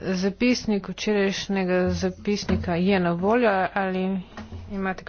Zapisnik včerajšnjega zapisnika je na voljo ali imate kakšno vprašanje?